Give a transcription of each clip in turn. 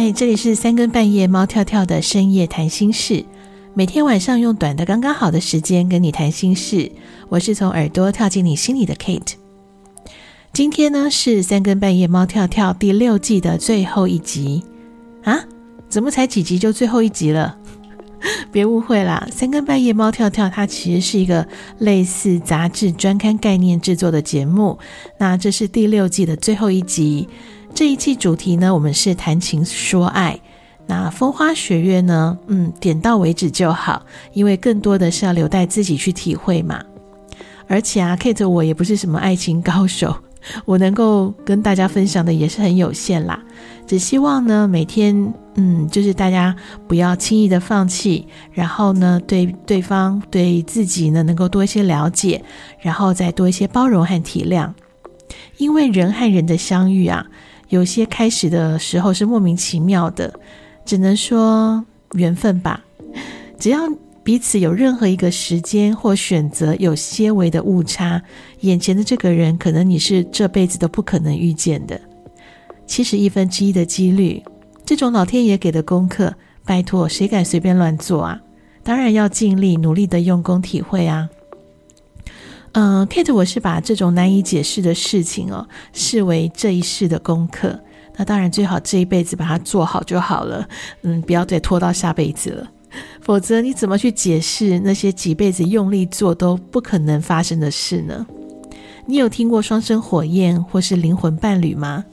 哎，這裡是三更半夜貓跳跳的深夜談心室，每天晚上用短的剛剛好的時間跟你談心事。我是從耳朵跳進你心裡的 Kate。今天呢是三更半夜貓跳跳第六季的最後一集啊。怎麼才幾集就最後一集了？別誤會啦，三更半夜貓跳跳它其實是一個類似雜誌專刊概念製作的節目。那這是第六季的最後一集。這一期主題呢，我們是談情說愛，那風花雪月呢，嗯，點到為止就好，因為更多的是要留待自己去體會嘛。而且啊，Kate 我也不是什麼愛情高手，我能夠跟大家分享的也是很有限啦。只希望呢，每天，嗯，就是大家不要輕易的放棄，然後呢，對對方、對自己呢，能夠多一些了解，然後再多一些包容和體諒，因為人和人的相遇啊。有些開始的時候是莫名其妙的，只能說緣分吧。只要彼此有任何一個時間或選擇有些微的誤差，眼前的這個人可能你是這輩子都不可能遇見的。七十億分之一的幾率，這種老天爺給的功課，拜托誰敢隨便亂做啊？當然要盡力努力的用功體會啊。嗯，Kate，我是把這種難以解釋的事情哦，視為這一世的功課。那當然，最好這一輩子把它做好就好了。嗯，不要再拖到下輩子了，否則你怎麼去解釋那些幾輩子用力做都不可能發生的事呢？你有聽過雙生火焰或是靈魂伴侶嗎？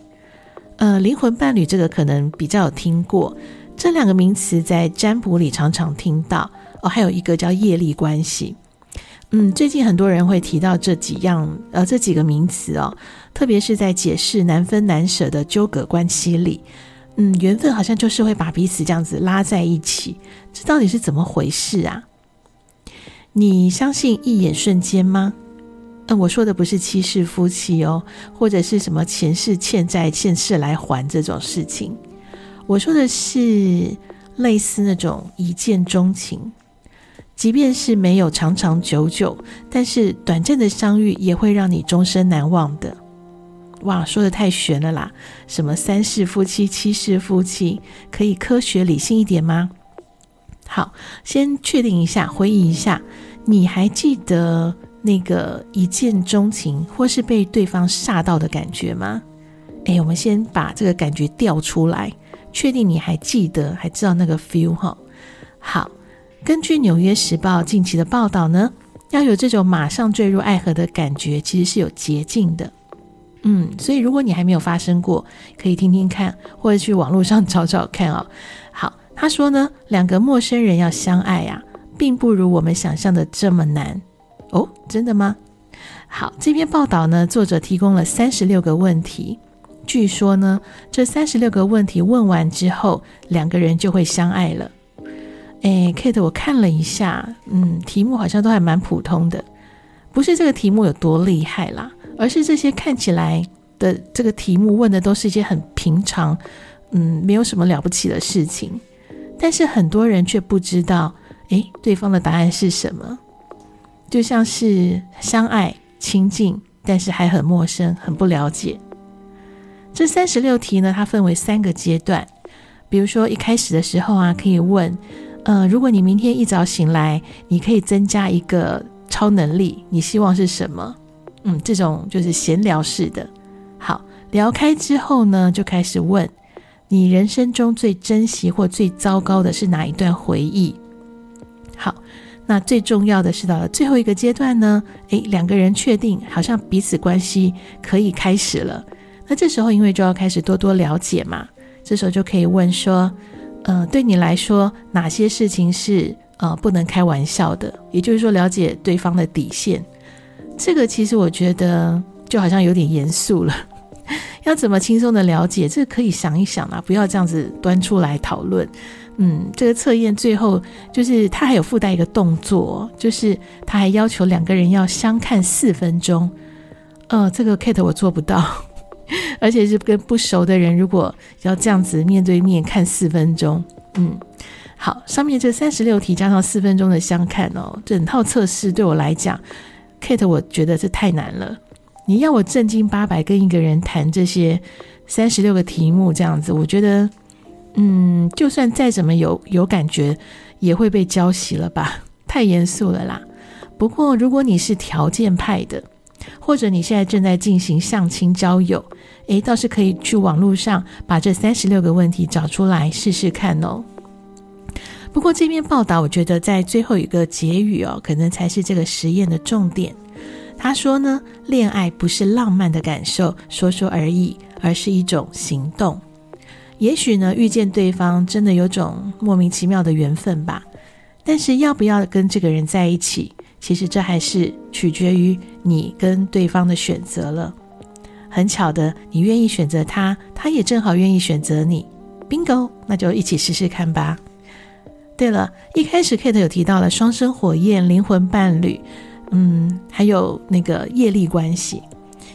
呃，靈魂伴侶這個可能比較有聽過，這兩個名詞在占卜裡常常聽到。哦，還有一個叫業力關係。嗯，最近很多人會提到這幾樣，呃，這幾個名詞哦，特別是在解釋難分難舍的糾葛關係裡，嗯，緣分好像就是會把彼此這樣子拉在一起，這到底是怎麼回事啊？你相信一眼瞬間嗎？嗯，我說的不是七世夫妻哦，或者是什麼前世欠債現世來還這種事情，我說的是類似那種一見鍾情。即便是沒有長長久久，但是短暫的相遇也會讓你終生難忘的。哇，說的太玄了啦！什麼三世夫妻、七世夫妻，可以科學理性一點嗎？好，先確定一下，回憶一下，你還記得那個一見鍾情或是被對方煞到的感覺嗎？誒，我們先把這個感覺調出來，確定你還記得，還知道那個 feel 哈？好。根據《紐約時報》近期的報道呢，要有這種馬上墜入愛河的感覺，其實是有捷徑的。嗯，所以如果你還沒有發生過，可以聽聽看，或者去網絡上找找看哦。好，他說呢，兩個陌生人要相愛呀、啊，並不如我們想象的這麼難哦，真的嗎？好，這篇報道呢，作者提供了三十六個問題，據說呢，這三十六個問題問完之後，兩個人就會相愛了。誒，Kate，我看了一下，嗯，題目好像都還蠻普通的，不是這個題目有多厲害啦，而是這些看起來的這個題目問的都是一些很平常，嗯，沒有什麼了不起的事情，但是很多人卻不知道，誒，對方的答案是什麼，就像是相愛、親近，但是還很陌生，很不了解。這三十六題呢，它分為三個階段，比如說一開始的時候啊，可以問。嗯、呃，如果你明天一早醒來，你可以增加一個超能力，你希望是什麼？嗯，這種就是閒聊式的。好，聊開之後呢，就開始問你人生中最珍惜或最糟糕的是哪一段回憶？好，那最重要的是到了最後一個階段呢，誒，兩個人確定好像彼此關係可以開始了。那這時候因為就要開始多多了解嘛，這時候就可以問說，嗯、呃，對你來說哪些事情是呃不能開玩笑的？也就是說，了解對方的底線，這個其實我覺得就好像有點嚴肅了。要怎麼輕鬆的了解？這個、可以想一想啊，不要這樣子端出來討論。嗯，這個測驗最後就是他還有附帶一個動作，就是他還要求兩個人要相看四分鐘。呃，這個 Kate 我做不到。而且是跟不熟的人，如果要這樣子面對面看四分鐘，嗯，好，上面這三十六題加上四分鐘的相看哦，整套測試對我來講，Kate，我覺得這太難了。你要我正經八百跟一個人談這些三十六個題目這樣子，我覺得，嗯，就算再怎麼有有感覺，也會被澆熄了吧？太嚴肅了啦。不過如果你是條件派的。或者你現在正在進行相親交友，誒，倒是可以去網絡上把這三十六個問題找出來試試看哦。不過這篇報道，我覺得在最後一個結語哦，可能才是這個實驗的重點。他說呢，戀愛不是浪漫的感受，說說而已，而是一種行動。也許呢，遇見對方真的有種莫名其妙的緣分吧。但是要不要跟這個人在一起？其實這還是取決於你跟對方的選擇了。很巧的，你願意選擇他，他也正好願意選擇你，Bingo，那就一起試試看吧。對了，一開始 Kate 有提到了雙生火焰、靈魂伴侶，嗯，還有那個業力關係，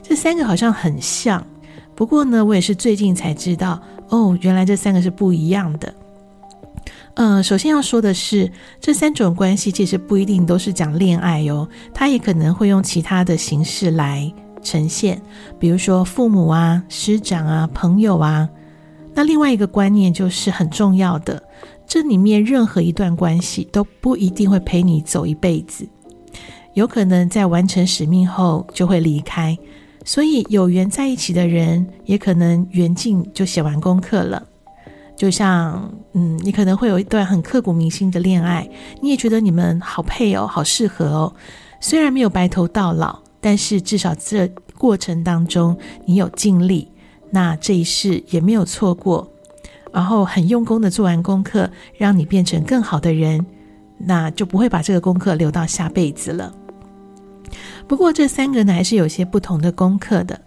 這三個好像很像。不過呢，我也是最近才知道，哦，原來這三個是不一樣的。嗯、呃，首先要說的是，這三種關係其實不一定都是講戀愛哦，它也可能會用其他的形式來呈現，比如說父母啊、師長啊、朋友啊。那另外一個觀念就是很重要的，這裡面任何一段關係都不一定會陪你走一輩子，有可能在完成使命後就會離開，所以有緣在一起的人，也可能緣盡就寫完功課了。就像，嗯，你可能會有一段很刻骨銘心的戀愛，你也覺得你們好配哦，好適合哦。雖然沒有白頭到老，但是至少這過程當中你有盡力，那這一世也沒有錯過。然後很用功的做完功課，讓你變成更好的人，那就不會把這個功課留到下輩子了。不過這三個呢，還是有一些不同的功課的。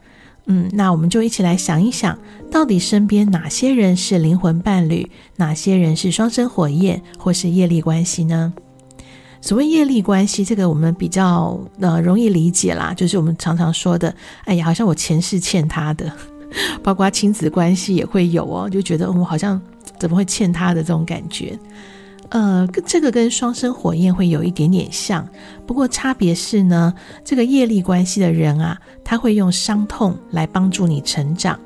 嗯，那我們就一起來想一想，到底身邊哪些人是靈魂伴侶，哪些人是雙生火焰，或是業力關係呢？所謂業力關係，這個我們比較呃容易理解啦，就是我們常常說的，哎呀，好像我前世欠他的，包括親子關係也會有哦，就覺得，嗯，我好像怎麼會欠他的這種感覺。呃，這個跟雙生火焰會有一點點像，不過差別是呢，這個業力關係的人啊，他會用傷痛來幫助你成長。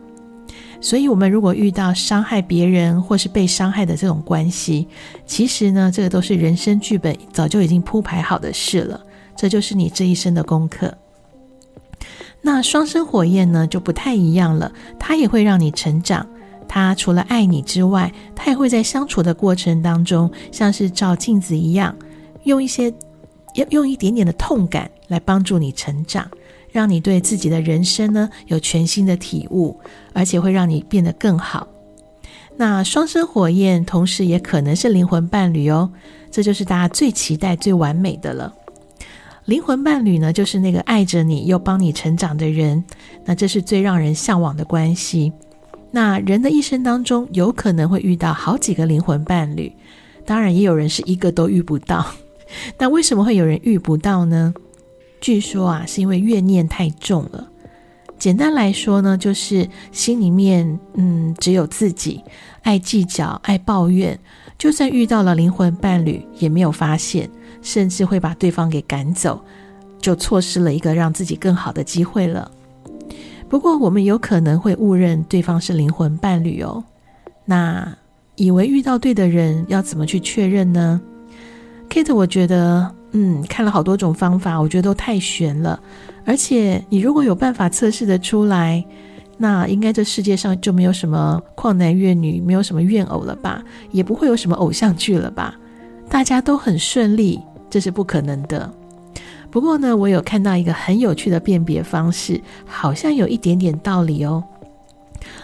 所以，我們如果遇到傷害別人或是被傷害的這種關係，其實呢，這個都是人生劇本早就已經鋪排好的事了，這就是你這一生的功課。那雙生火焰呢，就不太一樣了，它也會讓你成長。他除了愛你之外，他也會在相處的過程當中，像是照鏡子一樣，用一些，要用一點點的痛感來幫助你成長，讓你對自己的人生呢有全新的體悟，而且會讓你變得更好。那雙生火焰同時也可能是靈魂伴侶哦，這就是大家最期待、最完美的了。靈魂伴侶呢，就是那個愛着你又幫你成長的人，那這是最讓人向往的關係。那人的一生當中，有可能會遇到好幾個靈魂伴侶，當然也有人是一個都遇不到。那為什麼會有人遇不到呢？據說啊，是因為怨念太重了。簡單來說呢，就是心裡面嗯只有自己，愛計較，愛抱怨，就算遇到了靈魂伴侶，也沒有發現，甚至會把對方給趕走，就錯失了一個讓自己更好的機會了。不過，我們有可能會誤認對方是靈魂伴侶哦。那以為遇到對的人，要怎麼去確認呢？Kate，我覺得，嗯，看了好多種方法，我覺得都太玄了。而且，你如果有辦法測試得出來，那應該這世界上就沒有什麼曠男怨女，沒有什麼怨偶了吧？也不會有什麼偶像劇了吧？大家都很順利，這是不可能的。不過呢，我有看到一個很有趣的辨別方式，好像有一點點道理哦。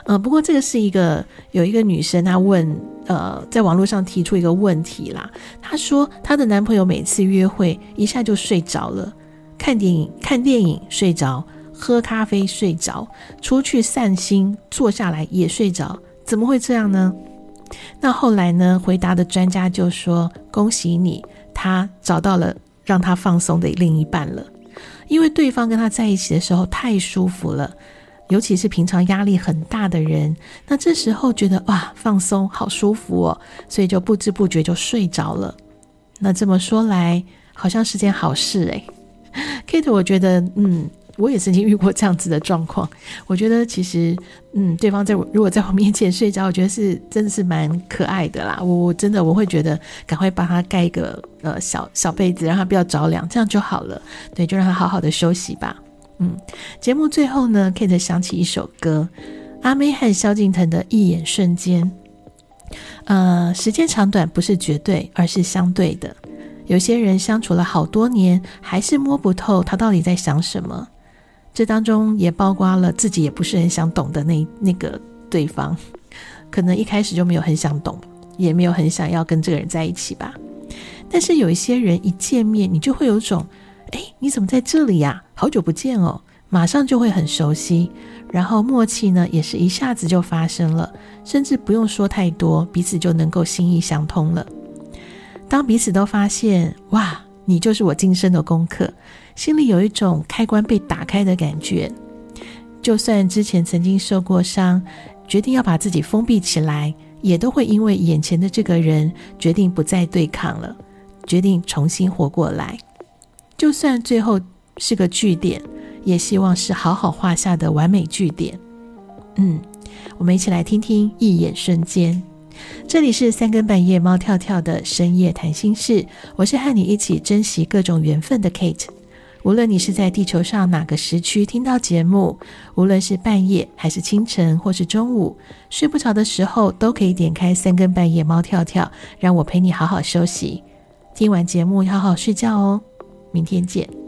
呃，不過這個是一個有一個女生她問，呃，在網絡上提出一個問題啦。她說她的男朋友每次約會一下就睡着了，看電影看電影睡着，喝咖啡睡着，出去散心坐下來也睡着，怎麼會這樣呢？那後來呢，回答的專家就說：“恭喜你，他找到了。”讓他放鬆的另一半了，因為對方跟他在一起的時候太舒服了，尤其是平常壓力很大的人，那這時候覺得哇，放鬆好舒服哦，所以就不知不覺就睡着了。那這麼說來，好像是件好事誒、欸。Kate，我覺得嗯。我也曾經遇過這樣子的狀況，我覺得其實，嗯，對方在我如果在我面前睡着，我覺得是真的是蠻可愛的啦。我我真的我會覺得趕快幫他蓋一個呃小小被子，讓他不要着涼，這樣就好了。對，就讓他好好的休息吧。嗯，節目最後呢，Kate 想起一首歌，阿妹和蕭敬騰的一眼瞬間。呃，時間長短不是絕對，而是相對的。有些人相處了好多年，還是摸不透他到底在想什麼。這當中也包括了自己也不是很想懂的那，那個對方，可能一開始就沒有很想懂，也沒有很想要跟這個人在一起吧。但是有一些人一見面，你就會有種，哎，你怎麼在這裡呀？好久不見哦，馬上就會很熟悉，然後默契呢也是一下子就發生了，甚至不用說太多，彼此就能夠心意相通了。當彼此都發現，哇！你就是我今生的功課，心裡有一種開關被打開的感覺。就算之前曾經受過傷，決定要把自己封閉起來，也都會因為眼前的這個人，決定不再對抗了，決定重新活過來。就算最後是個句點，也希望是好好畫下的完美句點。嗯，我們一起來聽聽一眼瞬間。這裡是三更半夜貓跳跳的深夜談心室，我是和你一起珍惜各種緣分的 Kate。無論你是在地球上哪個時區聽到節目，無論是半夜還是清晨或是中午，睡不着的時候都可以點開三更半夜貓跳跳，讓我陪你好好休息。聽完節目要好好睡覺哦，明天見。